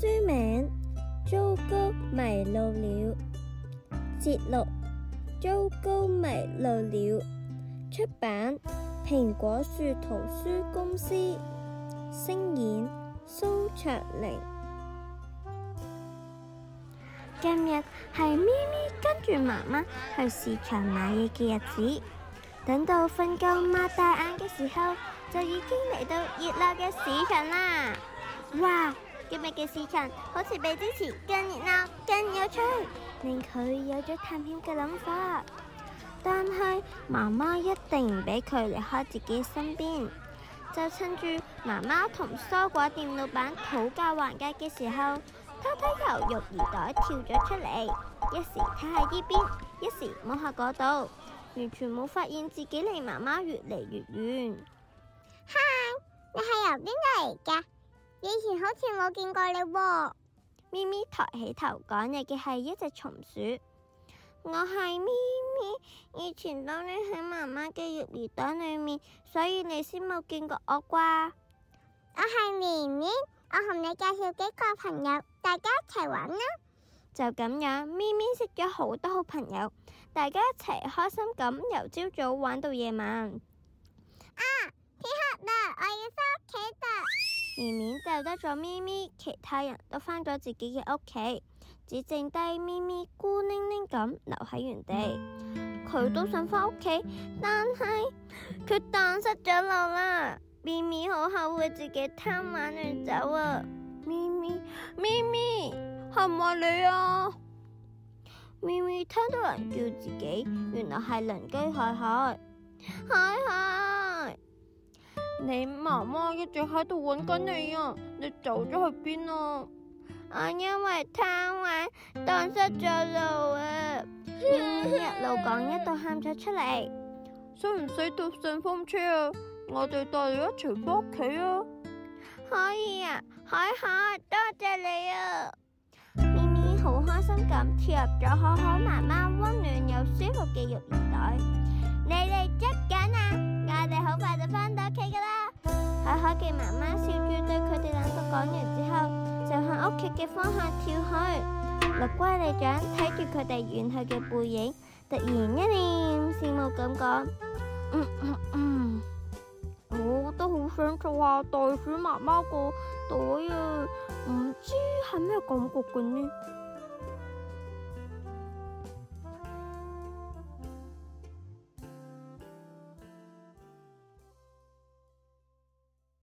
書名：糟糕迷路了。節錄：糟糕迷路了。出版：蘋果樹圖書公司。聲演：蘇卓翎。今日係咪咪跟住媽媽去市場買嘢嘅日子。等到瞓夠擘大眼嘅時候，就已經嚟到熱鬧嘅市場啦！哇！今日嘅事情好似比之前，更熱鬧，更有趣，令佢有咗探險嘅諗法。但係媽媽一定唔俾佢離開自己身邊。就趁住媽媽同蔬果店老闆討價還價嘅時候，偷偷由育兒袋跳咗出嚟，一時睇下呢邊，一時摸下嗰度，完全冇發現自己離媽媽越嚟越遠。嗨，你係由邊度嚟噶？以前好似冇見過你，咪咪抬起頭，講嘢嘅係一隻松鼠。我係咪咪，以前當你喺媽媽嘅育兒袋裏面，所以你先冇見過我啩。我係綿綿，我同你介紹幾個朋友，大家一齊玩啦。就咁樣，咪咪識咗好多好朋友，大家一齊開心咁由朝早玩到夜晚。啊，天黑啦，我要返屋企啦。而免救得咗咪咪，其他人都翻咗自己嘅屋企，只剩低咪咪孤零零咁留喺原地。佢都想翻屋企，但係佢蕩失咗路啦。咪咪好後悔自己貪玩亂走啊！咪咪咪咪，係唔係你啊？咪咪聽到人叫自己，原來係鄰居海海，海海。你媽媽一直喺度揾緊你啊！你走咗去邊啊？我因為貪玩，盪失咗路啊！一路講一路喊咗出嚟，使唔使搭順風車啊？我哋帶你一齊返屋企啊！可以啊，海海，多謝你啊！咪咪好開心咁跳入咗海海媽媽溫暖又舒服嘅育兒袋。海海嘅媽媽笑住對佢哋兩個講完之後，就向屋企嘅方向跳去。綠龜隊長睇住佢哋遠去嘅背影，突然一念羨慕噉講：嗯，我都好想做下袋鼠媽媽個袋啊！唔知係咩感覺嘅呢？